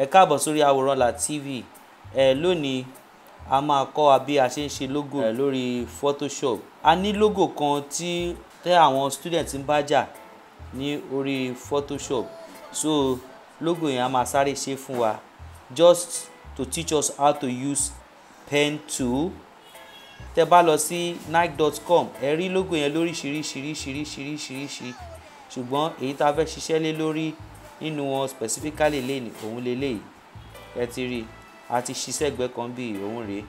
ẹ káàbọ̀ sórí la TV ẹ lónìí a máa kọ́ wa a ṣe ń ṣe logo ẹ lórí Photoshop a ní logo kan tí tẹ àwọn student ń bá jà ní orí Photoshop so logo yẹn a máa sáré ṣe fún wa just to teach us how to use pen tool tẹ bá lọ sí nike.com ẹ rí logo yẹn lóríṣiríṣiríṣiríṣiríṣiríṣi ṣùgbọ́n èyí tá a fẹ́ ṣiṣẹ́ lé lórí nínú wọn specifically lẹ́ni òun lélẹ́yìí ẹ ti rí a ti ṣiṣẹ́ ẹgbẹ́ kan bí òun rèé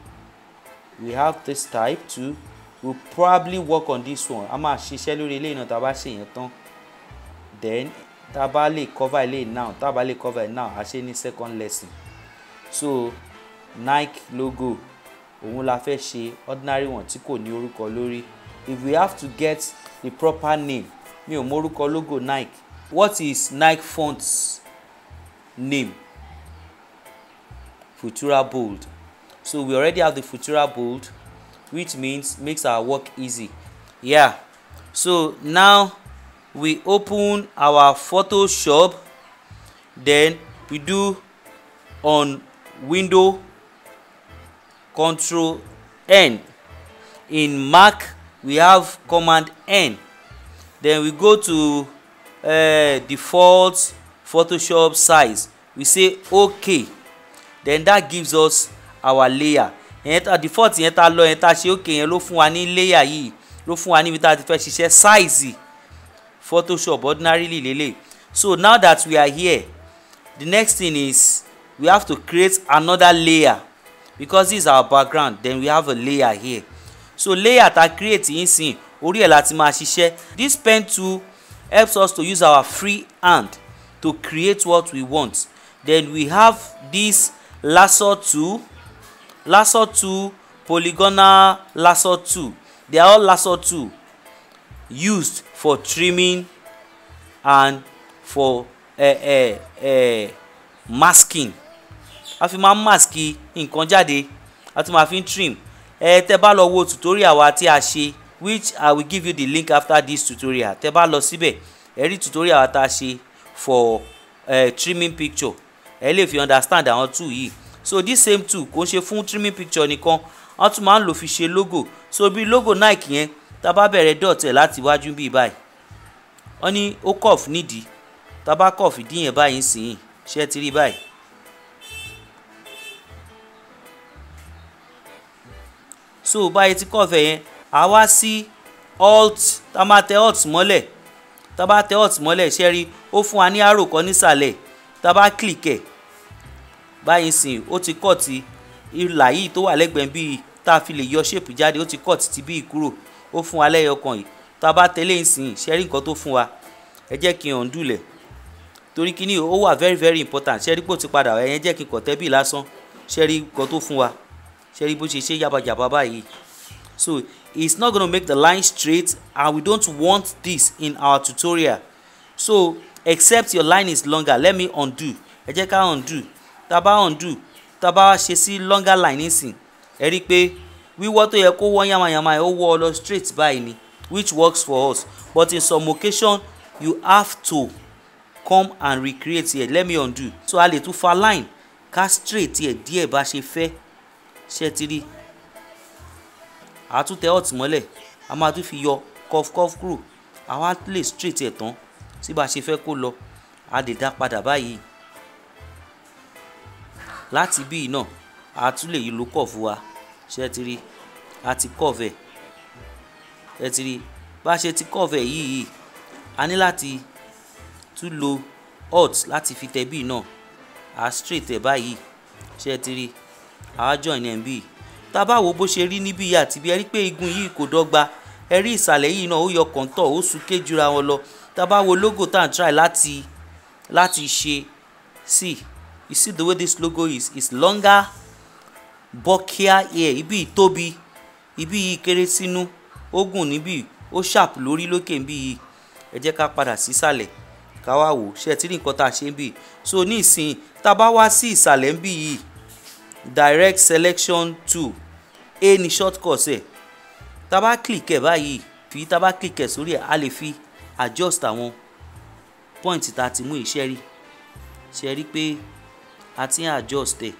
we have this type too we'll probably work on this one a máa ṣiṣẹ́ lórí eléyìí náà tá a bá ṣe yẹn tán then tá a bá lè cover eléyìí now tá a bá lè cover it now a ṣe ní second lesson so Nike logo òun la fẹ́ ṣe ordinary one tí kò ní orúkọ lórí if we have to get the proper name mi ò mọ orúkọ logo Nike what is nike font's name futura bold so we already have the futura bold which means makes our work easy yeah so now we open our photoshop then we do on window control n in mac we have command n then we go to uh, default photoshop size we say okay then that gives us our layer ìyẹn default yẹn ta lọ yẹn ta ṣe okay yẹn ló fún wa ní layer yìí ló fún wa níbi tá a ti fẹ́ ṣiṣẹ́ size photoshop ordinarily lele so now that we are here the next thing is we have to create another layer because this is our background then we have a layer here so layer ta create yìí sìn orí ẹ̀ láti máa ṣiṣẹ́ this pen tool helps us to use our free hand to create what we want then we have this lasso two, lasso two, polygonal lasso two. they are all lasso two, used for trimming and for uh, uh, uh, masking a fi máa ń mask nǹkan jáde fi trim ẹ tẹ bá lọ wo tutorial wa tí a ṣe which i will give you the link after this tutorial tẹ bá lọ síbẹ̀ ẹ rí tutorial wa tá ṣe for uh, trimming picture ẹ lè fi understand àwọn tool yìí so this same tool kò ń ṣe fún trimming picture nìkan wọ́n tún máa ń lò fi ṣe logo so bí logo nike yẹn tá a bá bẹ̀rẹ̀ dot ẹ̀ láti iwájú bíi báyìí wọ́n ní ó cuff nídìí tá a bá cuff ìdí yẹn báyìí sìn ṣe ti rí báyìí so báyìí ti cuff ẹ̀ yẹn a wá sí alt tá a máa tẹ alt mọ́lẹ̀ tá a bá tẹ alt mọ́lẹ̀ ṣe rí ó fún wa ní arrow kan nísàlẹ̀ tá a bá click ẹ̀ báyìí sìn ó ti kọ́ ti ìlà yìí tó wà lẹ́gbẹ̀ẹ́ bíi tá a fi lè yọ shape jáde ó ti kọ́ ti bíi kúrò ó fún wa lẹ́yọ kan yìí tá a bá tẹ̀lé ìsìn ṣe rí nǹkan tó fún wa ẹ jẹ́ kí n undo lẹ̀ torí kíní ó wà very very important ṣe rí pò ti padà ẹ̀yẹn jẹ́ kí n kọ̀ tẹ́ bíi lásán ṣe rí nǹkan tó fún wa ṣe rí bó ṣe ṣe yábàjàbá báyìí so it's not going to make the line straight and we don't want this in our tutorial so except your line is longer let me undo ẹ ká undo taba undo taba a bá ṣe sí longer line nísìn ẹ rí i pé wíwọ́ tó yẹ kó wọ́ yamayama ó wọ́ ọ lọ straight báyìí ni which works for us but in some occasion you have to come and recreate here let me undo so a lè tún fa line ká straight here díẹ̀ bá ṣe fẹ́ ṣe ti rí i àtúntẹ hot mọ́lẹ̀ a máa tún fi yọ cough cough kúrò àwa lè straight ẹ̀ tán tí bá a ṣe fẹ́ kó lọ a lè dá padà báyìí láti bíi náà a tún lè yí lo cough wa ṣe ti rí a ti cough ẹ̀ ẹ ti rí bá a ṣe ti cough ẹ̀ yìí a ní láti tún lo hot láti fi tẹ bíi náà a straight ẹ̀ báyìí ṣe ti rí a join ẹ̀ bíi tá a bá wo bó ṣe rí níbí yìí àti bí ẹ rí pé igun yìí kò dọ́gba ẹ rí ìsàlẹ̀ yìí náà ó yọ kọ̀ǹtọ̀ ó súnké jura wọn lọ tá bá wo logo tá à ń try láti láti ṣe see you see the way this logo is is longer bokia here ibi ìtóbi ibi yìí kéré sínú ó gùn níbí ó sharp lórí lókè níbí yìí ẹ jẹ́ ká padà sísàlẹ̀ ká wá wò ṣe ti rí nǹkan tá a ṣe ń bì so ní ìsìn tá bá wá sí ìsàlẹ̀ ń bì yìí direct selection tool a ní shortcut ẹ̀ tá bá click ẹ̀ báyìí fi tá a bá click ẹ̀ sórí ẹ̀ a lè fi adjust àwọn point tá a ti mú iṣẹ́ rí ṣe rí pé a ti ń adjust ẹ̀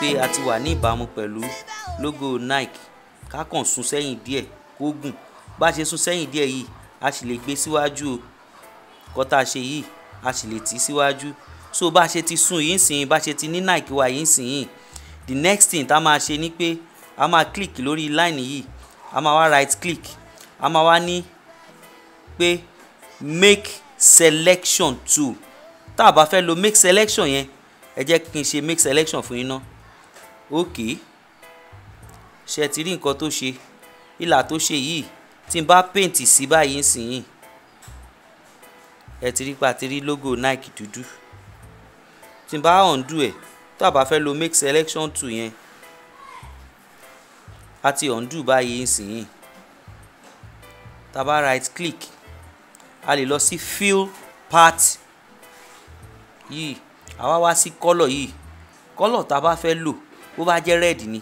pé a ti wà ní ìbámu pẹ̀lú logo Nike ká kàn sún sẹ́yìn díẹ̀ kó gùn bá a ṣe sún sẹ́yìn díẹ̀ yìí a sì lè gbé síwájú o kọ́tà ṣe yìí a sì lè tì í síwájú so bá a ṣe ti sún yìí sìn bá a ṣe ti ní Nike wa yìí sìn yìí the next thing tá a máa ṣe ni pé a máa click lórí line yìí a máa wá right click a máa wá ní pé make selection tool tá a bá fẹ́ lo make selection yẹn ẹ jẹ́ kí n ṣe make selection fún yín náà òkè ṣe ti rí nǹkan tó ṣe ìlà tó ṣe yìí tí n bá paint sí báyìí nsìnyìn ẹ ti rí pa ti rí logo Nike dúdú tí n bá undo ẹ̀ tó a bá fẹ́ lo make selection tool yẹn a ti undo báyìí nsìnyìn tá a bá right click a lè lọ sí fill part yìí àwa wá sí kọ́lọ̀ yìí kọ́lọ̀ tá a bá fẹ́ lò bó bá jẹ́ red ni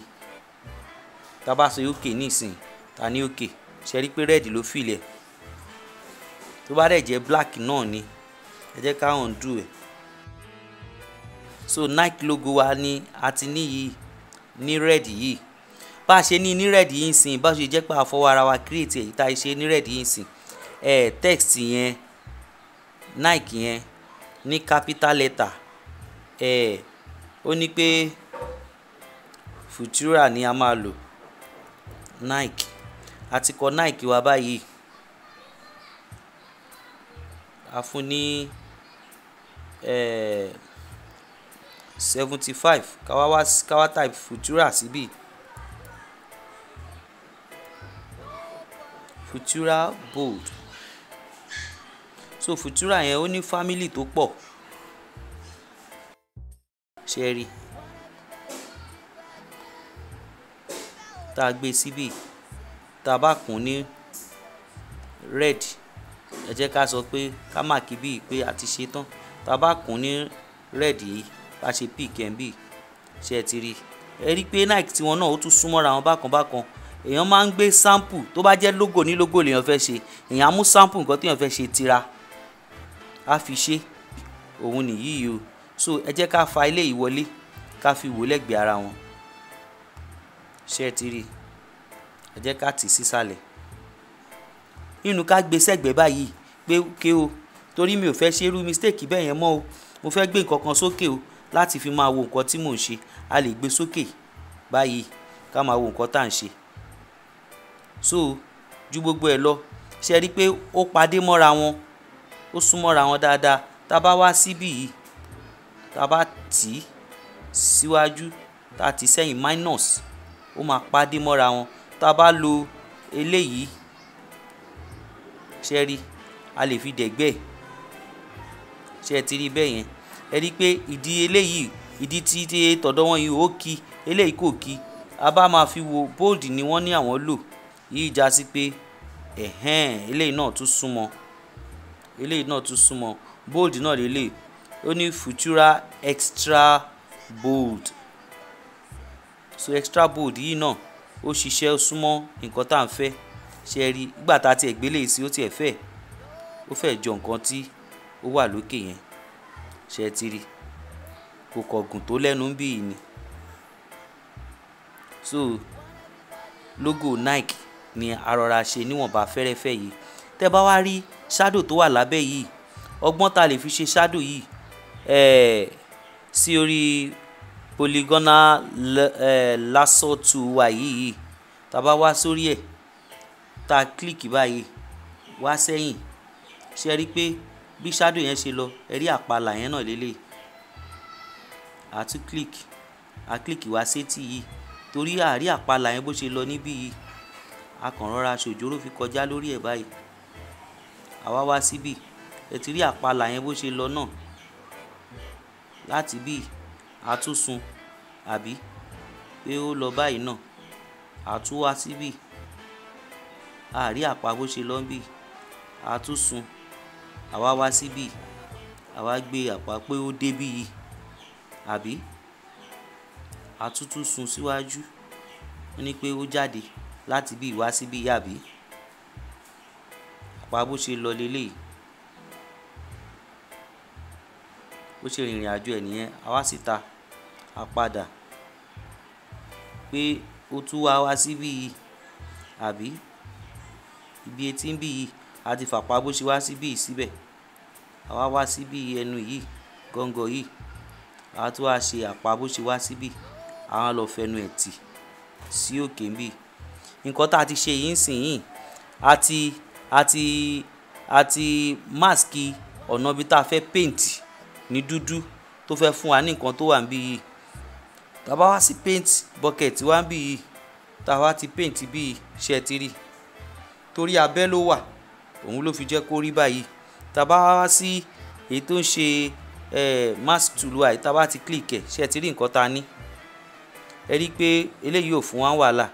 tá a bá sọ uk nísìn ta ní uk ṣe rí pé red ló fìlẹ̀ tó bá dẹ̀ jẹ́ black náà ni ẹ jẹ́ ká undo ẹ̀ so nike logo wa ni a ti ní yìí ní red yìí bá a ṣe ní ní red yìí sìn bá a ṣe jẹ́ pé a ara wa create èyí tá a ṣe ní red yìí sìn ẹ̀ text yẹn nike yẹn ní capital letter ẹ̀ ó ní pé futura ni a máa lò nike a ti kọ nike wa báyìí a fún ní seventy five káwá wá káwá type futura síbí futura bold so futura yẹn ó ní family tó pọ̀ ṣe rí i. tá a gbé síbí tá a bá kùn ní red ẹ jẹ́ ká sọ pé ká má kí bíi pé a ti ṣe tán tá a bá kùn ní red yìí bá ṣe pick and bíi ṣe ẹ ti rí ẹ rí i pé nike tiwọn náà ó tún súnmọ́ra wọn bákan èèyàn máa ń gbé sample tó bá jẹ́ logo ní logo lèèyàn fẹ́ ṣe èèyàn á mú sample nǹkan téèyàn fẹ́ ṣe tira á fi ṣe òun nìyí o so ẹ jẹ́ ká fa ilé ìwọlé ká fi wò lẹ́gbẹ̀ẹ́ ara wọn ṣé ẹ ti rí ẹ jẹ́ ká tì sísàlẹ̀ nínú ká gbé sẹ́gbẹ̀ẹ́ báyìí pé ké o torí mi ò fẹ́ ṣe irú mistake bẹ́ẹ̀ yẹn mọ́ o mo fẹ́ gbé nǹkan kan sókè o láti fi máa wo nǹkan tí mò ń ṣe a lè gbé sókè báyìí ká máa wo nǹkan tá à ń ṣe so ju gbogbo ẹ̀ lọ ṣe rí i pé ó padé mọ́ra wọn ó súnmọ́ra wọn dáadáa tá a bá wá síbí yìí tá a bá tì í síwájú tá a ti sẹ́yìn minus ó máa pàdé mọ́ra wọn tá a bá lo eléyìí ṣe rí a lè fi dẹ̀gbẹ́ ṣe ti rí bẹ́ẹ̀ yẹn ẹ pé ìdí eléyìí ìdí tí tọ̀dọ̀ wọn yìí ó kí eléyìí kò kí a bá máa fi wo bold ni wọ́n ní àwọn lò yìí já sí pé ẹ̀hẹ́n eléyìí náà tún súnmọ́ eléyìí náà tún súnmọ́ bold náà lélẹ̀ ó ní futura extra bold so extra bold yìí náà ó ṣiṣẹ́ súnmọ́ nǹkan tá à ń fẹ́ ṣe rí ìgbà tá a tiẹ̀ gbélé sí ó tiẹ̀ fẹ́ ó fẹ́ jọ nǹkan tí ó wà lókè yẹn ṣe ti rí kò kọ̀gùn tó lẹ́nu ń bì ní so logo Nike ni arọra ṣe níwọ̀nba fẹ́rẹ́fẹ́ yìí tẹ́ bá wá rí shadow tó wà lábẹ́ yìí ọgbọ́n tá lè fi ṣe shadow yìí ẹ̀ẹ́ sí orí polygonal eh, lasso tool wa yìí tá a bá wá sórí ẹ̀ tá a kílìkì báyìí wá sẹ́yìn ṣe rí i pé bí shadow yẹn ṣe lọ ẹ rí àpàlà yẹn náà lélẹ̀ a tún kílìkì a kílìkì wá sétí yìí torí àrí àpàlà yẹn bó ṣe lọ níbí yìí a kàn rọra ṣòjóró fi kọjá lórí ẹ̀ báyìí àwa wá síbí ẹ ti rí àpàlà yẹn bó ṣe lọ náà láti bíi àtúnsun àbí pé ó lọ báyìí náà àtúwá síbì àrí àpá bó ṣe lọ ń bì àtúnsun àwa wá síbì àwa gbé àpá pé ó débì yìí àbí àtúntún sun síwájú ó ní pé ó jáde láti bí wá síbí àbí àpá bó ṣe lọ leléyìí bó ṣe rìnrìn àjò ẹ̀ nìyẹn àwa síta. Si àpadà pé ó tún wá wá síbí yìí àbí ibi etí ń bì yìí a ti fàpá bó ṣe wá síbí yìí síbẹ̀ àwa wá síbí ẹnu yìí gọ́ngọ̀ yìí a tún wá ṣe àpá bó ṣe wá síbí àwọn lọ fẹnu ẹ̀ tì sí òkè ń bì nǹkan tá a ti ṣe yìí ń sìn yìí a ti a ti a ti máàsì ọ̀nà ibi tá a fẹ́ paint ní dúdú tó fẹ́ fún wa ní nǹkan tó wà ń bí yìí tá a wá sí paint bucket wá ń bì yìí tá ti paint bí ṣe ti rí torí abẹ́ ló wà òun ló fi jẹ́ kó rí báyìí tá a bá wá sí èyí tó ń ṣe mask tool wa yìí tá ti click ẹ̀ ṣe ti rí nǹkan ta ní ẹ rí i pé eléyìí ò fún wa wàhálà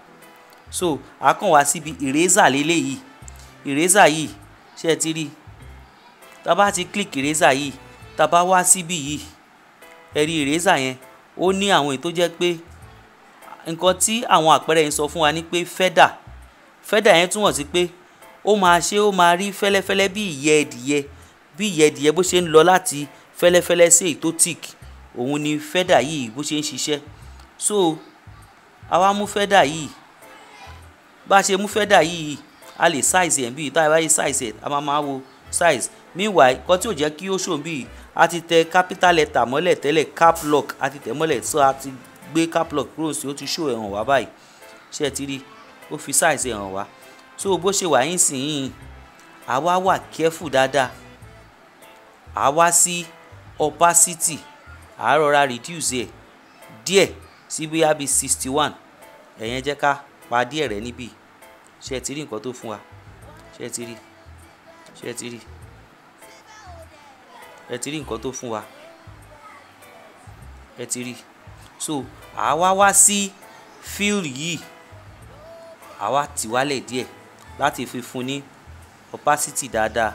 so a kàn wá síbi eraser lélẹ́yìí eraser yìí ṣe ti rí tá a bá ti click eraser yìí tá a wá síbi yìí ẹ rí eraser yẹn ó ní àwọn èyí tó jẹ́ pé nǹkan tí àwọn àpẹẹrẹ yẹn sọ fún wa ni pé fẹ́dà fẹ́dà yẹn túmọ̀ sí pé ó máa ṣe ó máa rí fẹ́lẹ́fẹ́lẹ́ bí ìyẹ́ ẹdìyẹ bí ìyẹ́ ẹdìyẹ bó ṣe ń lọ láti fẹ́lẹ́fẹ́lẹ́ sí èyí tó tìk òun ni fẹ́dà yìí bó ṣe ń ṣiṣẹ́ so àwa mú fẹ́dà yìí bá a ṣe mú fẹ́dà yìí a lè size ẹ̀ bí tá a size ẹ̀ a máa máa wo size meanwhile nǹkan tí ò jẹ́ kí ó ṣòwò bíi a ti tẹ capital letter mọ́lẹ̀ tẹ́lẹ̀ cap lock a ti tẹ̀ mọ́lẹ̀ so a ti gbé cap lock kúrò sí ó ti ṣòwò ẹ̀hàn wá báyìí ṣe ti rí ó fi size ẹ̀hàn wá so bó ṣe wà yín sìn yín àwa wà careful dáadáa àwa sí opacity à rọra reduce ẹ̀ díẹ̀ sí bóyá bíi sixty one ẹ̀yẹn jẹ́ ká pa díẹ̀ rẹ̀ níbí ṣe ti rí nǹkan tó fún wa ṣe ti rí ṣe ti rí ẹ ti rí nǹkan tó fún wa ẹ ti rí so àwa wá sí fíìlì yìí àwa tì wálẹ̀ díẹ̀ láti fi fún ní opacity dáadáa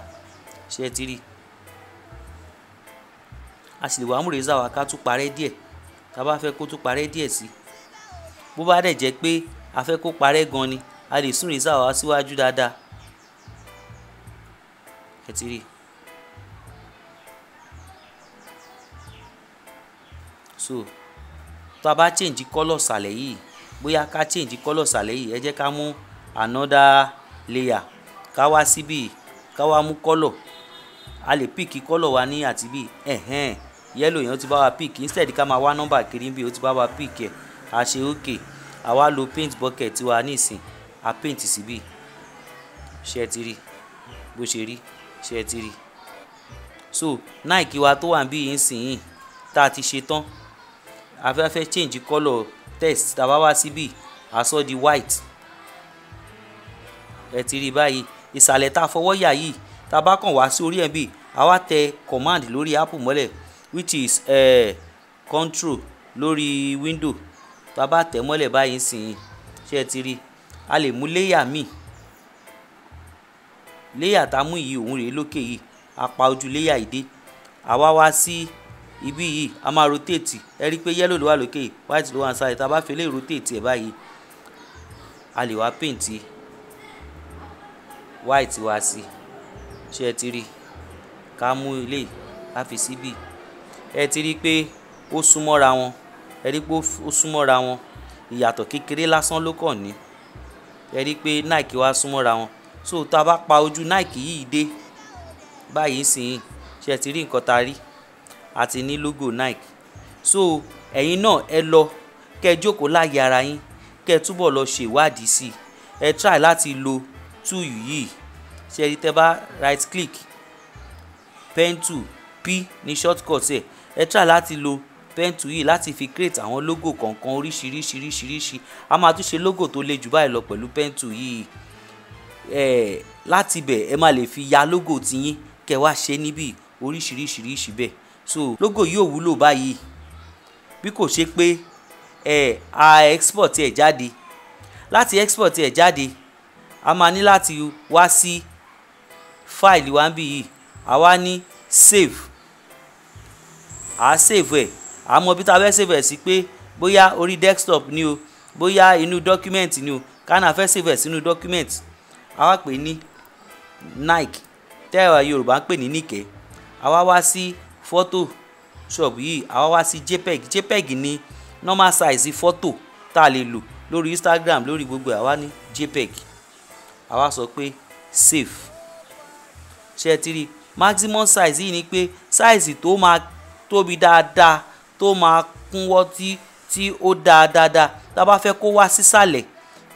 ṣé ẹ ti rí a sì lè wá mú rẹ́sà wa ká tún parẹ́ díẹ̀ tá a bá fẹ́ kó tún parẹ́ díẹ̀ sí bó bá dẹ̀ jẹ́ pé a fẹ́ kó parẹ́ gan ni a lè sún rẹ́sà wa síwájú dáadáa ẹ ti rí i. so tó a bá change colour sàlẹ̀ yìí bóyá ká change colour sàlẹ̀ yìí ẹ jẹ́ ká mú another layer ká wá síbí ká wá mú colour a lè pick colour wa ní àtibí ẹ̀hẹ́n yellow yẹn ó ti bá wa pick instead ká máa wá number kiri bí ó ti bá wa pick ẹ̀ a ṣe okay a wá lo paint bucket wa nísìn a paint síbí ṣe ti rí bó ṣe rí ṣe ti rí so Nike wa tó wà níbí yìí ń sìn yìí tá a ti ṣe tán afẹ́fẹ́ change colour text tàbá wá síbí àsọ di white ẹ ti rí báyìí ìsàlẹ̀ tá a fọwọ́ yà yìí tá a bá kàn wá sí orí ẹ̀ bí a wá tẹ command lórí apple mọ́lẹ̀ which is uh, control lórí window tá a bá tẹ̀ mọ́lẹ̀ báyìí sìn ṣé ẹ ti rí a lè mú layer míì layer tá a mú yìí òun rèé lókè yìí a pa ojú layer yìí dé àwa wá sí. Si, ibi yìí a máa rotate ẹ rí i pé yellow ló wà lókè white ló wà nísàlẹ̀ tá a bá fi lè rotate ẹ̀ báyìí a lè wá paint white wá sí ṣé ẹ ti rí ká mú ilé ká fi síbì ẹ ti rí i pé ó súnmọ́ra wọn ẹ rí i pé ó súnmọ́ra wọn ìyàtọ̀ kékeré lásán ló kàn ní ẹ rí i pé Nike wá súnmọ́ra wọn so tá a bá pa ojú Nike yìí dé báyìí sìn yìí ṣé ti rí nǹkan tá a rí àti ní logo Nike so ẹ̀yin náà ẹ lọ kẹ́ ẹ jókòó láàyè ara yín kẹ́ ẹ túbọ̀ lọ ṣèwádìí sí ẹ try láti lo tool yìí ṣe ẹni tẹ́ bá right click pen tool p ní shortcut ẹ ẹ try láti lo pen tool yìí láti fi create àwọn logo kọ̀ọ̀kan oríṣiríṣiríṣiríṣi a máa tún ṣe logo tó le jù báyìí lọ pẹ̀lú pen tool yìí ẹ láti bẹ̀ ẹ máa lè fi ya logo tiyín kẹ́ wá ṣe níbi oríṣiríṣiríṣi bẹ́ẹ̀ so logo yóò wúlò báyìí bí kò ṣe pé ẹ a export ẹ jáde láti export ẹ jáde a máa ní láti wá sí fáìlì wa bí yìí a wá ní save a save ẹ a mọ bí tá fẹ́ save ẹ sí pé bóyá orí desktop ni o bóyá inú document ni o kánà fẹ́ save ẹ sínú document a wá pè ní nike tẹ́ ẹ̀rọ yorùbá ń pè ní nìkẹ́ a wá wá sí. Si photoshop yìí àwa wá sí jpeg jpeg ní normal size photo tá a lè lò lórí instagram lórí gbogbo àwa ní jpeg àwa sọ pé save ṣe ti rí maximum size yìí ni pé size tó máa tóbi dáadáa tó máa kúnwọ́ tí tí ó dáa dáadáa tá a bá fẹ́ kó wá sísàlẹ̀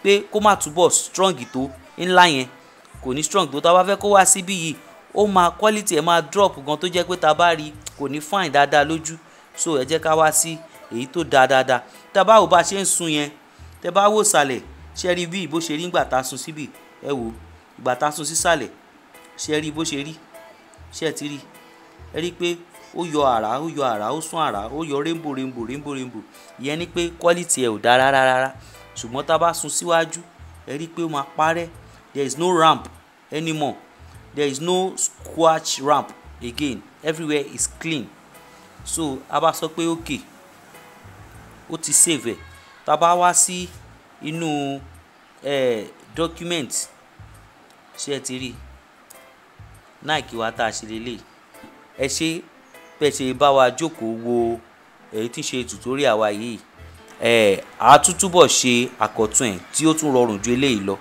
pé kó má túbọ̀ strong tó ńlá yẹn kò ní strong tó tá a bá fẹ́ kó wá síbí yìí ó máa quality ẹ̀ máa drop gan tó jẹ́ pé tá a bá rí kò ní fine dáadáa lójú so ẹ jẹ́ ká wá sí èyí tó dáa dáadáa tá a bá wò bá a ṣe ń sun yẹn tẹ bá wò sàlẹ̀ ṣe rí bí bó ṣe rí ìgbà tá a sun síbì ẹ wò ìgbà tá a sun sísàlẹ̀ ṣe rí bó ṣe rí ṣe ti rí ẹ rí pé ó yọ àrá ó yọ àrá ó sún àrá ó yọ rainbow rainbow rainbow rainbow ìyẹn ni pé quality ẹ ò da rárá rárá ṣùgbọ́n tá a bá sun síwájú ẹ rí pé ó máa parẹ́ there is no ramp anymore there is no squash ramp again everywhere is clean so a bá sọ pé ok ó ti save ẹ̀ tá a bá wá sí inú eh, document ṣé ẹ ti rí nike wa tá a ṣe lélẹ̀ ẹ ṣe bẹ́ẹ̀ ṣe bá wa jókòó wo èyí tí ń ṣe tutorial wa yìí ẹ̀ á tútúbọ̀ ṣe àkọ́tún ẹ̀ tí ó tún rọrùn ju eléyìí lọ.